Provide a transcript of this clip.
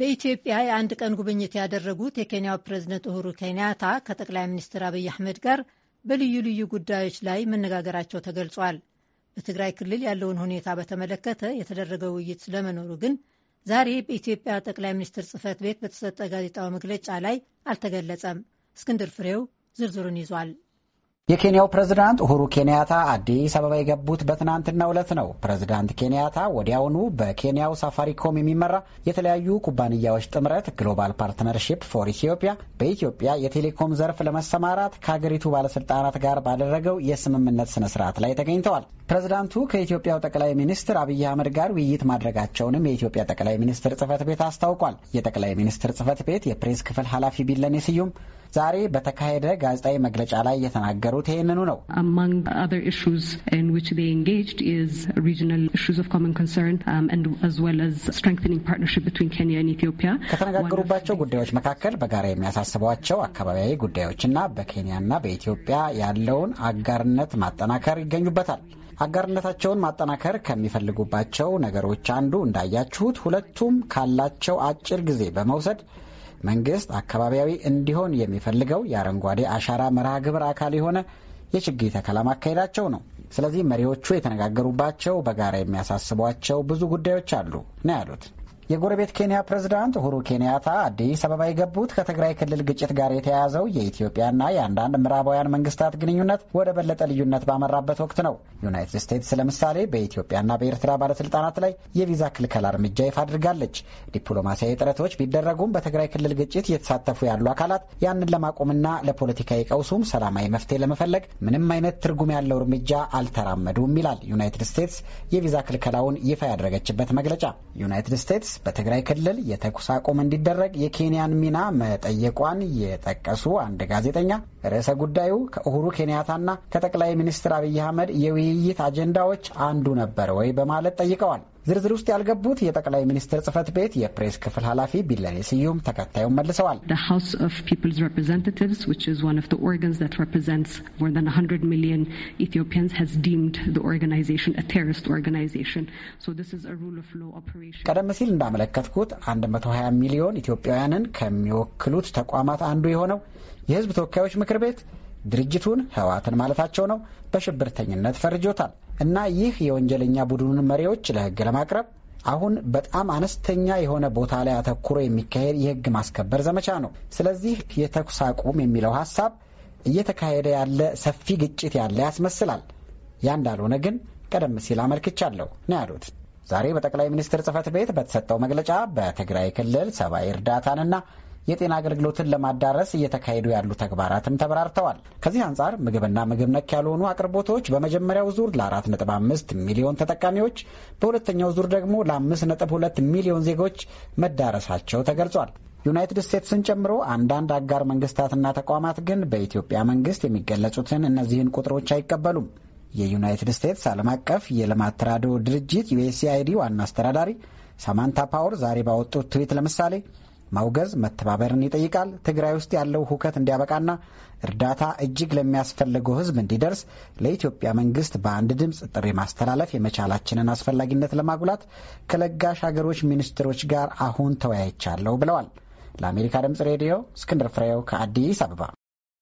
በኢትዮጵያ የአንድ ቀን ጉብኝት ያደረጉት የኬንያው ፕሬዝደንት ኡሁሩ ኬንያታ ከጠቅላይ ሚኒስትር አብይ አህመድ ጋር በልዩ ልዩ ጉዳዮች ላይ መነጋገራቸው ተገልጿል። በትግራይ ክልል ያለውን ሁኔታ በተመለከተ የተደረገ ውይይት ስለመኖሩ ግን ዛሬ በኢትዮጵያ ጠቅላይ ሚኒስትር ጽህፈት ቤት በተሰጠ ጋዜጣዊ መግለጫ ላይ አልተገለጸም። እስክንድር ፍሬው ዝርዝሩን ይዟል። የኬንያው ፕሬዝዳንት ኡሁሩ ኬንያታ አዲስ አበባ የገቡት በትናንትናው ዕለት ነው። ፕሬዝዳንት ኬንያታ ወዲያውኑ በኬንያው ሳፋሪኮም የሚመራ የተለያዩ ኩባንያዎች ጥምረት ግሎባል ፓርትነርሺፕ ፎር ኢትዮጵያ በኢትዮጵያ የቴሌኮም ዘርፍ ለመሰማራት ከሀገሪቱ ባለስልጣናት ጋር ባደረገው የስምምነት ስነ ስርዓት ላይ ተገኝተዋል። ፕሬዝዳንቱ ከኢትዮጵያው ጠቅላይ ሚኒስትር አብይ አህመድ ጋር ውይይት ማድረጋቸውንም የኢትዮጵያ ጠቅላይ ሚኒስትር ጽህፈት ቤት አስታውቋል። የጠቅላይ ሚኒስትር ጽህፈት ቤት የፕሬስ ክፍል ኃላፊ ቢለኔ ስዩም ዛሬ በተካሄደ ጋዜጣዊ መግለጫ ላይ የተናገሩት ይህንኑ ነው። um, ከተነጋገሩባቸው ጉዳዮች መካከል በጋራ የሚያሳስቧቸው አካባቢያዊ ጉዳዮችና በኬንያና በኢትዮጵያ ያለውን አጋርነት ማጠናከር ይገኙበታል። አጋርነታቸውን ማጠናከር ከሚፈልጉባቸው ነገሮች አንዱ እንዳያችሁት ሁለቱም ካላቸው አጭር ጊዜ በመውሰድ መንግስት አካባቢያዊ እንዲሆን የሚፈልገው የአረንጓዴ አሻራ መርሃ ግብር አካል የሆነ የችግኝ ተከላ ማካሄዳቸው ነው። ስለዚህ መሪዎቹ የተነጋገሩባቸው በጋራ የሚያሳስቧቸው ብዙ ጉዳዮች አሉ ነው ያሉት። የጎረቤት ኬንያ ፕሬዝዳንት ሁሩ ኬንያታ አዲስ አበባ የገቡት ከትግራይ ክልል ግጭት ጋር የተያያዘው የኢትዮጵያና የአንዳንድ ምዕራባውያን መንግስታት ግንኙነት ወደ በለጠ ልዩነት ባመራበት ወቅት ነው። ዩናይትድ ስቴትስ ለምሳሌ በኢትዮጵያና በኤርትራ ባለስልጣናት ላይ የቪዛ ክልከላ እርምጃ ይፋ አድርጋለች። ዲፕሎማሲያዊ ጥረቶች ቢደረጉም በትግራይ ክልል ግጭት እየተሳተፉ ያሉ አካላት ያንን ለማቆምና ለፖለቲካዊ ቀውሱም ሰላማዊ መፍትሄ ለመፈለግ ምንም አይነት ትርጉም ያለው እርምጃ አልተራመዱም ይላል ዩናይትድ ስቴትስ የቪዛ ክልከላውን ይፋ ያደረገችበት መግለጫ ዩናይትድ ስቴትስ በትግራይ ክልል የተኩስ አቁም እንዲደረግ የኬንያን ሚና መጠየቋን የጠቀሱ አንድ ጋዜጠኛ ርዕሰ ጉዳዩ ከእሁሩ ኬንያታና ከጠቅላይ ሚኒስትር አብይ አህመድ የውይይት አጀንዳዎች አንዱ ነበር ወይ በማለት ጠይቀዋል። ዝርዝር ውስጥ ያልገቡት የጠቅላይ ሚኒስትር ጽህፈት ቤት የፕሬስ ክፍል ኃላፊ ቢለኔ ስዩም ተከታዩን መልሰዋል። ቀደም ሲል እንዳመለከትኩት 120 ሚሊዮን ኢትዮጵያውያንን ከሚወክሉት ተቋማት አንዱ የሆነው የህዝብ ተወካዮች ምክር ቤት ድርጅቱን ህወሓትን ማለታቸው ነው በሽብርተኝነት ፈርጆታል። እና ይህ የወንጀለኛ ቡድኑን መሪዎች ለህግ ለማቅረብ አሁን በጣም አነስተኛ የሆነ ቦታ ላይ አተኩሮ የሚካሄድ የህግ ማስከበር ዘመቻ ነው። ስለዚህ የተኩስ አቁም የሚለው ሀሳብ እየተካሄደ ያለ ሰፊ ግጭት ያለ ያስመስላል። ያ እንዳልሆነ ግን ቀደም ሲል አመልክቻለሁ ነው ያሉት። ዛሬ በጠቅላይ ሚኒስትር ጽህፈት ቤት በተሰጠው መግለጫ በትግራይ ክልል ሰብአዊ እርዳታንና የጤና አገልግሎትን ለማዳረስ እየተካሄዱ ያሉ ተግባራትም ተብራርተዋል። ከዚህ አንጻር ምግብና ምግብ ነክ ያልሆኑ አቅርቦቶች በመጀመሪያው ዙር ለ4.5 ሚሊዮን ተጠቃሚዎች፣ በሁለተኛው ዙር ደግሞ ለ5.2 ሚሊዮን ዜጎች መዳረሳቸው ተገልጿል። ዩናይትድ ስቴትስን ጨምሮ አንዳንድ አጋር መንግስታትና ተቋማት ግን በኢትዮጵያ መንግስት የሚገለጹትን እነዚህን ቁጥሮች አይቀበሉም። የዩናይትድ ስቴትስ ዓለም አቀፍ የልማት ተራድኦ ድርጅት ዩኤስኤአይዲ ዋና አስተዳዳሪ ሳማንታ ፓወር ዛሬ ባወጡት ትዊት ለምሳሌ ማውገዝ መተባበርን ይጠይቃል። ትግራይ ውስጥ ያለው ሁከት እንዲያበቃና እርዳታ እጅግ ለሚያስፈልገው ሕዝብ እንዲደርስ ለኢትዮጵያ መንግስት በአንድ ድምፅ ጥሪ ማስተላለፍ የመቻላችንን አስፈላጊነት ለማጉላት ከለጋሽ ሀገሮች ሚኒስትሮች ጋር አሁን ተወያይቻለሁ ብለዋል። ለአሜሪካ ድምፅ ሬዲዮ እስክንድር ፍሬው ከአዲስ አበባ